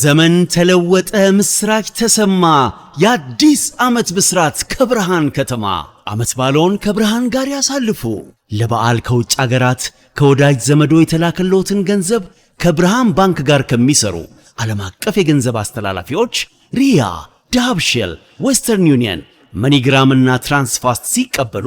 ዘመን ተለወጠ፣ ምስራች ተሰማ፣ የአዲስ ዓመት ብስራት ከብርሃን ከተማ። ዓመት ባለውን ከብርሃን ጋር ያሳልፉ። ለበዓል ከውጭ አገራት ከወዳጅ ዘመዶ የተላከለውትን ገንዘብ ከብርሃን ባንክ ጋር ከሚሰሩ ዓለም አቀፍ የገንዘብ አስተላላፊዎች ሪያ፣ ዳብሽል ዌስተርን ዩኒየን፣ መኒግራም እና ትራንስፋስት ሲቀበሉ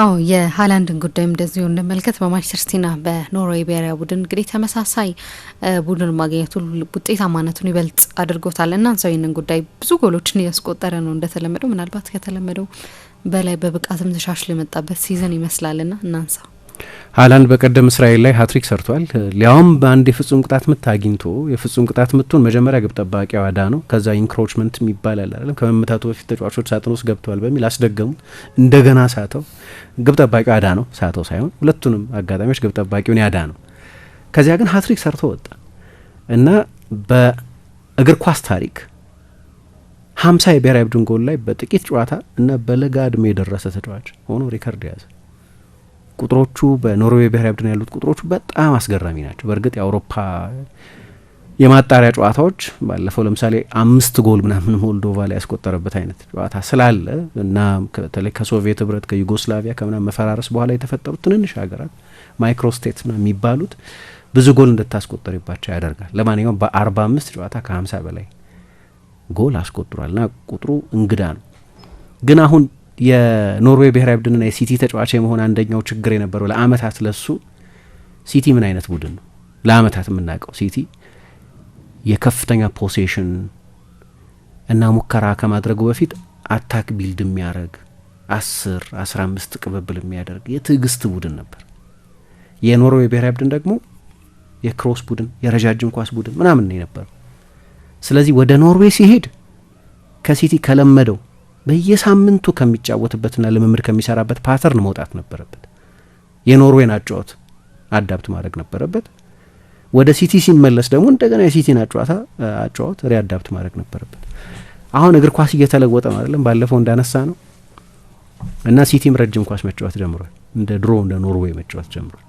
አዎ የሀላንድን ጉዳይ እንደዚሁ እንመልከት። በማንቸስተር ሲቲና በኖርዌይ ብሔራዊ ቡድን እንግዲህ ተመሳሳይ ቡድን ማግኘቱ ውጤታማነቱን ይበልጥ አድርጎታል። እናንሳው ይህንን ጉዳይ ብዙ ጎሎችን እያስቆጠረ ነው እንደተለመደው፣ ምናልባት ከተለመደው በላይ በብቃትም ተሻሽሎ የመጣበት ይመስላል ና እናንሳው። ሀላንድ በቀደም እስራኤል ላይ ሀትሪክ ሰርቷል። ሊያውም በአንድ የፍጹም ቅጣት ምት አግኝቶ የፍጹም ቅጣት ምቱን መጀመሪያ ግብ ጠባቂ ዋዳ ነው። ከዛ ኢንክሮችመንት የሚባል አላለም። አይደለም፣ ከመመታቱ በፊት ተጫዋቾች ሳጥን ውስጥ ገብተዋል በሚል አስደገሙት። እንደገና ሳተው። ግብ ጠባቂ ዋዳ ነው፣ ሳተው ሳይሆን ሁለቱንም አጋጣሚዎች ግብ ጠባቂውን ያዳ ነው። ከዚያ ግን ሀትሪክ ሰርቶ ወጣ እና በእግር ኳስ ታሪክ ሀምሳ የብሔራዊ ቡድን ጎል ላይ በጥቂት ጨዋታ እና በለጋ እድሜ የደረሰ ተጫዋች ሆኖ ሪከርድ ያዘ። ቁጥሮቹ በኖርዌይ ብሔራዊ ቡድን ያሉት ቁጥሮቹ በጣም አስገራሚ ናቸው። በእርግጥ የአውሮፓ የማጣሪያ ጨዋታዎች ባለፈው ለምሳሌ አምስት ጎል ምናምን ሞልዶቫ ላይ ያስቆጠረበት አይነት ጨዋታ ስላለ እና በተለይ ከሶቪየት ህብረት ከዩጎስላቪያ ከምናምን መፈራረስ በኋላ የተፈጠሩት ትንንሽ ሀገራት ማይክሮ ስቴትስ ምናምን የሚባሉት ብዙ ጎል እንድታስቆጠርባቸው ያደርጋል። ለማንኛውም በአርባ አምስት ጨዋታ ከሀምሳ በላይ ጎል አስቆጥሯል እና ቁጥሩ እንግዳ ነው ግን አሁን የኖርዌይ ብሔራዊ ቡድንና የሲቲ ተጫዋች የመሆን አንደኛው ችግር የነበረው ለአመታት ለሱ ሲቲ ምን አይነት ቡድን ነው? ለአመታት የምናውቀው ሲቲ የከፍተኛ ፖሴሽን እና ሙከራ ከማድረጉ በፊት አታክ ቢልድ የሚያደርግ አስር አስራ አምስት ቅብብል የሚያደርግ የትዕግስት ቡድን ነበር። የኖርዌይ ብሔራዊ ቡድን ደግሞ የክሮስ ቡድን፣ የረጃጅም ኳስ ቡድን ምናምን ነው የነበረው። ስለዚህ ወደ ኖርዌይ ሲሄድ ከሲቲ ከለመደው በየሳምንቱ ከሚጫወትበትና ልምምድ ከሚሰራበት ፓተርን መውጣት ነበረበት። የኖርዌን አጫወት አዳብት ማድረግ ነበረበት። ወደ ሲቲ ሲመለስ ደግሞ እንደገና የሲቲን አጫዋታ አጫወት ሪአዳብት ማድረግ ነበረበት። አሁን እግር ኳስ እየተለወጠ ነው አይደለም? ባለፈው እንዳነሳ ነው እና ሲቲም ረጅም ኳስ መጫወት ጀምሯል። እንደ ድሮ እንደ ኖርዌይ መጫወት ጀምሯል።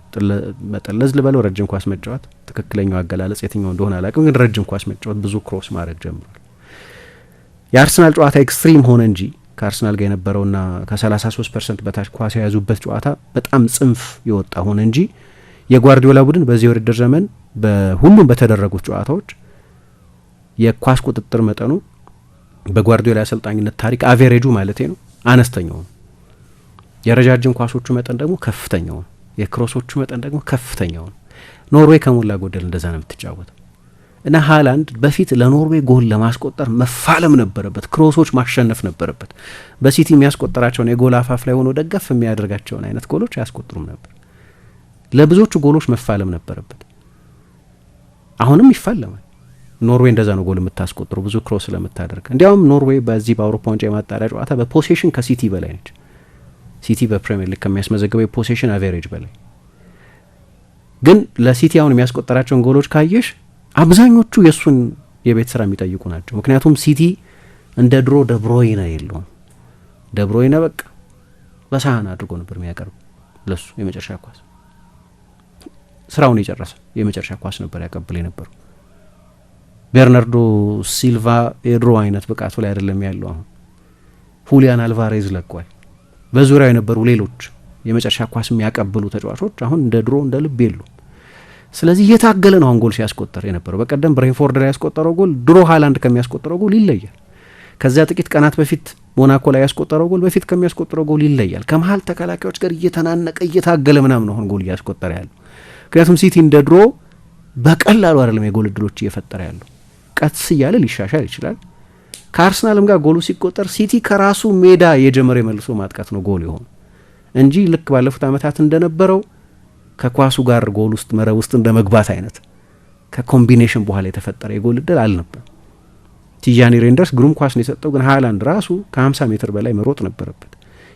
መጠለዝ ልበለው፣ ረጅም ኳስ መጫወት ትክክለኛው አገላለጽ የትኛው እንደሆነ አላውቅም፣ ግን ረጅም ኳስ መጫወት ብዙ ክሮስ ማድረግ ጀምሯል። የአርሰናል ጨዋታ ኤክስትሪም ሆነ እንጂ ከአርሰናል ጋር የነበረውና ከ33 ፐርሰንት በታች ኳስ የያዙበት ጨዋታ በጣም ጽንፍ የወጣ ሆነ እንጂ የጓርዲዮላ ቡድን በዚህ ውድድር ዘመን በሁሉም በተደረጉት ጨዋታዎች የኳስ ቁጥጥር መጠኑ በጓርዲዮላ አሰልጣኝነት ታሪክ አቬሬጁ ማለት ነው አነስተኛው ነው። የረጃጅም ኳሶቹ መጠን ደግሞ ከፍተኛው ነው። የክሮሶቹ መጠን ደግሞ ከፍተኛው ነው። ኖርዌይ ከሞላ ጎደል እንደዛ ነው የምትጫወተው። እና ሀላንድ በፊት ለኖርዌይ ጎል ለማስቆጠር መፋለም ነበረበት፣ ክሮሶች ማሸነፍ ነበረበት። በሲቲ የሚያስቆጠራቸውን የጎል አፋፍ ላይ ሆኖ ደገፍ የሚያደርጋቸውን አይነት ጎሎች አያስቆጥሩም ነበር። ለብዙዎቹ ጎሎች መፋለም ነበረበት። አሁንም ይፋለማል። ኖርዌይ እንደዛ ነው ጎል የምታስቆጥሩ ብዙ ክሮስ ለምታደርግ። እንዲያውም ኖርዌይ በዚህ በአውሮፓ ዋንጫ የማጣሪያ ጨዋታ በፖሴሽን ከሲቲ በላይ ነች። ሲቲ በፕሪምየር ሊግ ከሚያስመዘግበው የፖሴሽን አቬሬጅ በላይ ግን ለሲቲ አሁን የሚያስቆጠራቸውን ጎሎች ካየሽ አብዛኞቹ የእሱን የቤት ስራ የሚጠይቁ ናቸው። ምክንያቱም ሲቲ እንደ ድሮ ደብሮይነ የለውም። ደብሮይነ በቃ በሳህን አድርጎ ነበር የሚያቀርቡ ለሱ የመጨረሻ ኳስ ስራውን የጨረሰ የመጨረሻ ኳስ ነበር ያቀብል የነበሩ። ቤርናርዶ ሲልቫ የድሮ አይነት ብቃቱ ላይ አይደለም ያለው። አሁን ሁሊያን አልቫሬዝ ለቋል። በዙሪያው የነበሩ ሌሎች የመጨረሻ ኳስ የሚያቀብሉ ተጫዋቾች አሁን እንደ ድሮ እንደ ልብ የሉ ስለዚህ እየታገለ ነው አሁን ጎል ሲያስቆጠር የነበረው። በቀደም ብሬንፎርድ ላይ ያስቆጠረው ጎል ድሮ ሃላንድ ከሚያስቆጠረው ጎል ይለያል። ከዚያ ጥቂት ቀናት በፊት ሞናኮ ላይ ያስቆጠረው ጎል በፊት ከሚያስቆጠረው ጎል ይለያል። ከመሀል ተከላካዮች ጋር እየተናነቀ እየታገለ ምናምን አሁን ጎል እያስቆጠረ ያለው ምክንያቱም ሲቲ እንደ ድሮ በቀላሉ አይደለም የጎል እድሎች እየፈጠረ ያለው። ቀስ እያለ ሊሻሻል ይችላል። ከአርሰናልም ጋር ጎሉ ሲቆጠር ሲቲ ከራሱ ሜዳ የጀመረ የመልሶ ማጥቃት ነው ጎል የሆነ እንጂ ልክ ባለፉት ዓመታት እንደነበረው ከኳሱ ጋር ጎል ውስጥ መረብ ውስጥ እንደ መግባት አይነት ከኮምቢኔሽን በኋላ የተፈጠረ የጎል እድል አልነበረም። ቲጃኒ ሬንደርስ ግሩም ኳስ ነው የሰጠው፣ ግን ሀላንድ ራሱ ከ50 ሜትር በላይ መሮጥ ነበረበት።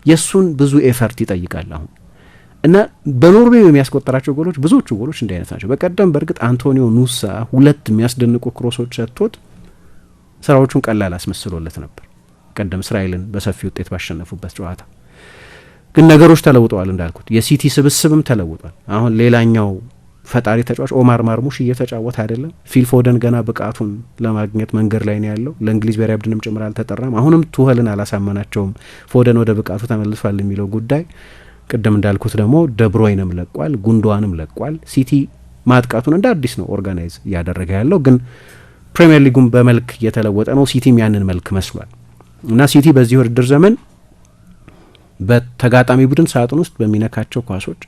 የእሱን ብዙ ኤፈርት ይጠይቃል አሁን እና በኖርዌይ የሚያስቆጠራቸው ጎሎች ብዙዎቹ ጎሎች እንዲህ አይነት ናቸው። በቀደም በእርግጥ አንቶኒዮ ኑሳ ሁለት የሚያስደንቁ ክሮሶች ሰጥቶት ስራዎቹን ቀላል አስመስሎለት ነበር። ቀደም እስራኤልን በሰፊ ውጤት ባሸነፉበት ጨዋታ ግን ነገሮች ተለውጠዋል እንዳልኩት የሲቲ ስብስብም ተለውጧል። አሁን ሌላኛው ፈጣሪ ተጫዋች ኦማር ማርሙሽ እየተጫወተ አይደለም። ፊልፎደን ገና ብቃቱን ለማግኘት መንገድ ላይ ነው ያለው። ለእንግሊዝ ብሔራዊ ቡድንም ጭምር አልተጠራም። አሁንም ቱኸልን አላሳመናቸውም። ፎደን ወደ ብቃቱ ተመልሷል የሚለው ጉዳይ ቅድም እንዳልኩት ደግሞ ደብሮይንም ለቋል፣ ጉንዶዋንም ለቋል። ሲቲ ማጥቃቱን እንደ አዲስ ነው ኦርጋናይዝ እያደረገ ያለው። ግን ፕሪምየር ሊጉም በመልክ እየተለወጠ ነው። ሲቲም ያንን መልክ መስሏል እና ሲቲ በዚህ ውድድር ዘመን በተጋጣሚ ቡድን ሳጥን ውስጥ በሚነካቸው ኳሶች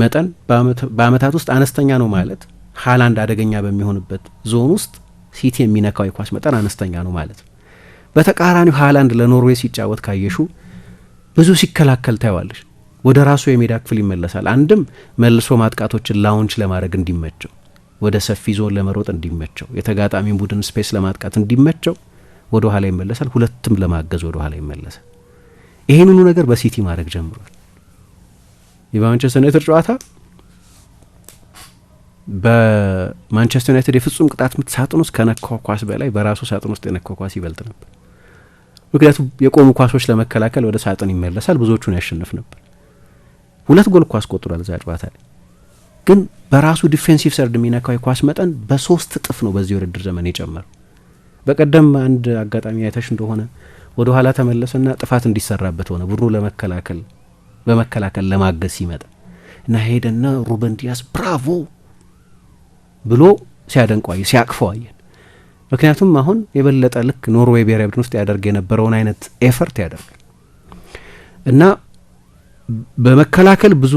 መጠን በአመታት ውስጥ አነስተኛ ነው ማለት ሀላንድ አደገኛ በሚሆንበት ዞን ውስጥ ሲቲ የሚነካው የኳስ መጠን አነስተኛ ነው ማለት በተቃራኒው ሀላንድ ለኖርዌይ ሲጫወት ካየሹ ብዙ ሲከላከል ታይዋለች ወደ ራሱ የሜዳ ክፍል ይመለሳል። አንድም መልሶ ማጥቃቶችን ላውንች ለማድረግ እንዲመቸው፣ ወደ ሰፊ ዞን ለመሮጥ እንዲመቸው፣ የተጋጣሚ ቡድን ስፔስ ለማጥቃት እንዲመቸው ወደ ኋላ ይመለሳል። ሁለትም ለማገዝ ወደ ኋላ ይመለሳል። ይሄን ሁሉ ነገር በሲቲ ማድረግ ጀምሯል። የማንቸስተር ዩናይትድ ጨዋታ በማንቸስተር ዩናይትድ የፍጹም ቅጣት ምት ሳጥን ውስጥ ከነካው ኳስ በላይ በራሱ ሳጥን ውስጥ የነካው ኳስ ይበልጥ ነበር። ምክንያቱም የቆሙ ኳሶች ለመከላከል ወደ ሳጥን ይመለሳል፣ ብዙዎቹን ያሸንፍ ነበር። ሁለት ጎል ኳስ ቆጥሯል እዛ ጨዋታ ላይ ግን በራሱ ዲፌንሲቭ ሰርድ የሚነካው የኳስ መጠን በሶስት እጥፍ ነው በዚህ ውድድር ዘመን የጨመረው። በቀደም አንድ አጋጣሚ አይተሽ እንደሆነ ወደ ኋላ ተመለሰና ጥፋት እንዲሰራበት ሆነ። ብሩ ለመከላከል በመከላከል ለማገዝ ሲመጣ እና ሄደና ሩበን ዲያስ ብራቮ ብሎ ሲያደንቀው አየን፣ ሲያቅፈው አየን። ምክንያቱም አሁን የበለጠ ልክ ኖርዌይ ብሔራዊ ቡድን ውስጥ ያደርግ የነበረውን አይነት ኤፈርት ያደርጋል እና በመከላከል ብዙ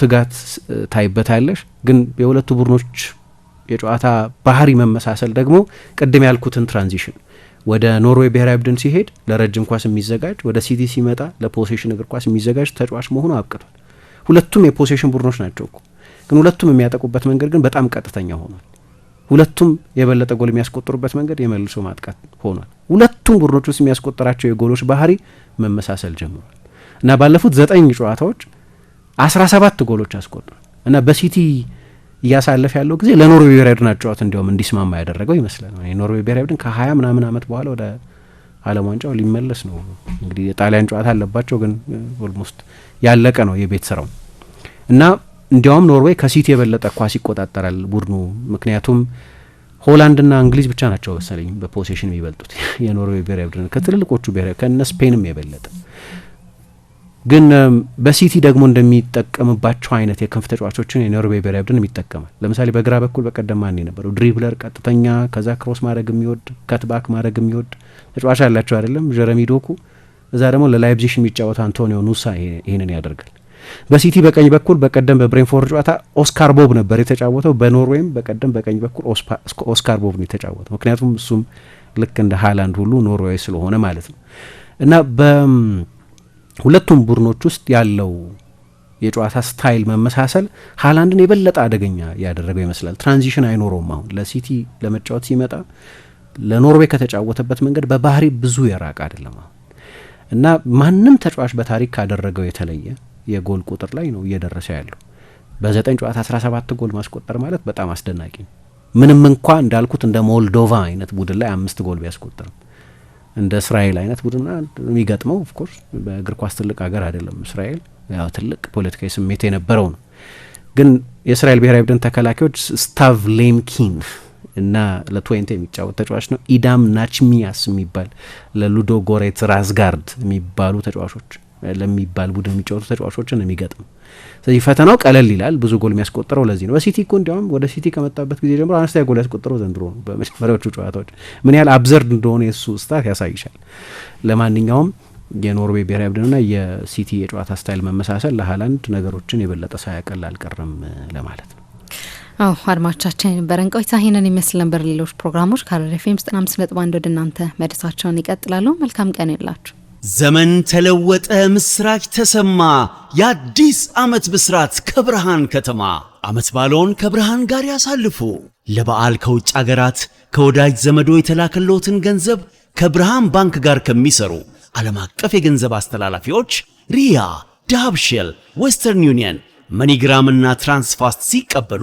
ትጋት ታይበታለሽ። ግን የሁለቱ ቡድኖች የጨዋታ ባህሪ መመሳሰል ደግሞ ቅድም ያልኩትን ትራንዚሽን ወደ ኖርዌይ ብሔራዊ ቡድን ሲሄድ ለረጅም ኳስ የሚዘጋጅ ወደ ሲቲ ሲመጣ ለፖሴሽን እግር ኳስ የሚዘጋጅ ተጫዋች መሆኑ አብቅቷል። ሁለቱም የፖሴሽን ቡድኖች ናቸው እኮ ግን ሁለቱም የሚያጠቁበት መንገድ ግን በጣም ቀጥተኛ ሆኗል። ሁለቱም የበለጠ ጎል የሚያስቆጥሩበት መንገድ የመልሶ ማጥቃት ሆኗል። ሁለቱም ቡድኖች ውስጥ የሚያስቆጠራቸው የጎሎች ባህሪ መመሳሰል ጀምሯል እና ባለፉት ዘጠኝ ጨዋታዎች አስራ ሰባት ጎሎች አስቆጥሯል እና በሲቲ እያሳለፍ ያለው ጊዜ ለኖርዌ ብሔራዊ ቡድን አጫዋት እንዲሁም እንዲስማማ ያደረገው ይመስላል። የኖርዌ ብሔራዊ ቡድን ከሀያ ምናምን ዓመት በኋላ ወደ ዓለም ዋንጫው ሊመለስ ነው። እንግዲህ የጣሊያን ጨዋታ አለባቸው፣ ግን ኦልሞስት ያለቀ ነው የቤት ስራው እና እንዲያውም ኖርዌይ ከሲቲ የበለጠ ኳስ ይቆጣጠራል ቡድኑ ምክንያቱም ሆላንድና እንግሊዝ ብቻ ናቸው መሰለኝ በፖሴሽን የሚበልጡት የኖርዌይ ብሔራዊ ቡድን ከትልልቆቹ ብሔራዊ ከነ ስፔንም የበለጠ ግን በሲቲ ደግሞ እንደሚጠቀምባቸው አይነት የክንፍ ተጫዋቾችን የኖርዌይ ብሔራዊ ቡድን ይጠቀማል። ለምሳሌ በግራ በኩል በቀደም ማን የነበረው ድሪብለር፣ ቀጥተኛ ከዛ ክሮስ ማድረግ የሚወድ ከትባክ ማድረግ የሚወድ ተጫዋች አላቸው አይደለም ጀረሚ ዶኩ። እዛ ደግሞ ለላይፕዚሽ የሚጫወት አንቶኒዮ ኑሳ ይህንን ያደርጋል። በሲቲ በቀኝ በኩል በቀደም በብሬንፎርድ ጨዋታ ኦስካር ቦብ ነበር የተጫወተው። በኖርዌይም በቀደም በቀኝ በኩል ኦስካር ቦብ ነው የተጫወተው። ምክንያቱም እሱም ልክ እንደ ሀላንድ ሁሉ ኖርዌይ ስለሆነ ማለት ነው እና ሁለቱም ቡድኖች ውስጥ ያለው የጨዋታ ስታይል መመሳሰል ሀላንድን የበለጠ አደገኛ ያደረገው ይመስላል። ትራንዚሽን አይኖረውም። አሁን ለሲቲ ለመጫወት ሲመጣ ለኖርዌይ ከተጫወተበት መንገድ በባህሪ ብዙ የራቅ አይደለም። አሁን እና ማንም ተጫዋች በታሪክ ካደረገው የተለየ የጎል ቁጥር ላይ ነው እየደረሰ ያለው። በዘጠኝ ጨዋታ 17 ጎል ማስቆጠር ማለት በጣም አስደናቂ ነው። ምንም እንኳ እንዳልኩት እንደ ሞልዶቫ አይነት ቡድን ላይ አምስት ጎል ቢያስቆጥርም እንደ እስራኤል አይነት ቡድን የሚገጥመው ኦፍኮርስ በእግር ኳስ ትልቅ ሀገር አይደለም እስራኤል ያው ትልቅ ፖለቲካዊ ስሜት የነበረው ነው። ግን የእስራኤል ብሔራዊ ቡድን ተከላካዮች ስታቭ ሌምኪን እና ለትዌንቴ የሚጫወት ተጫዋች ነው። ኢዳም ናችሚያስ የሚባል ለሉዶ ጎሬት ራዝጋርድ የሚባሉ ተጫዋቾች ለሚባል ቡድን የሚጫወቱ ተጫዋቾችን የሚገጥም። ስለዚህ ፈተናው ቀለል ይላል። ብዙ ጎል የሚያስቆጥረው ለዚህ ነው። በሲቲ እኮ እንዲያውም ወደ ሲቲ ከመጣበት ጊዜ ጀምሮ አነስተኛ ጎል ያስቆጥረው ዘንድሮ ነው። በመጀመሪያዎቹ ጨዋታዎች ምን ያህል አብዘርድ እንደሆነ የእሱ ስታት ያሳይሻል። ለማንኛውም የኖርዌይ ብሔራዊ ቡድንና የሲቲ የጨዋታ ስታይል መመሳሰል ለሀላንድ ነገሮችን የበለጠ ሳያቀል አልቀርም ለማለት ነው። አዎ አድማጮቻችን የነበረን ቆይታ ይህንን የሚመስል ነበር። ሌሎች ፕሮግራሞች ከአራዳ ኤፍ ኤም ዘጠና አምስት ነጥብ አንድ ወደ እናንተ መድረሳቸውን ይቀጥላሉ። መልካም ቀን የላችሁ። ዘመን ተለወጠ፣ ምስራች ተሰማ፣ የአዲስ ዓመት ብስራት ከብርሃን ከተማ። ዓመት ባለውን ከብርሃን ጋር ያሳልፉ። ለበዓል ከውጭ አገራት ከወዳጅ ዘመዶ የተላከሎትን ገንዘብ ከብርሃን ባንክ ጋር ከሚሰሩ ዓለም አቀፍ የገንዘብ አስተላላፊዎች ሪያ፣ ዳብሽል፣ ዌስተርን ዩኒየን፣ መኒግራም እና ትራንስፋስት ሲቀበሉ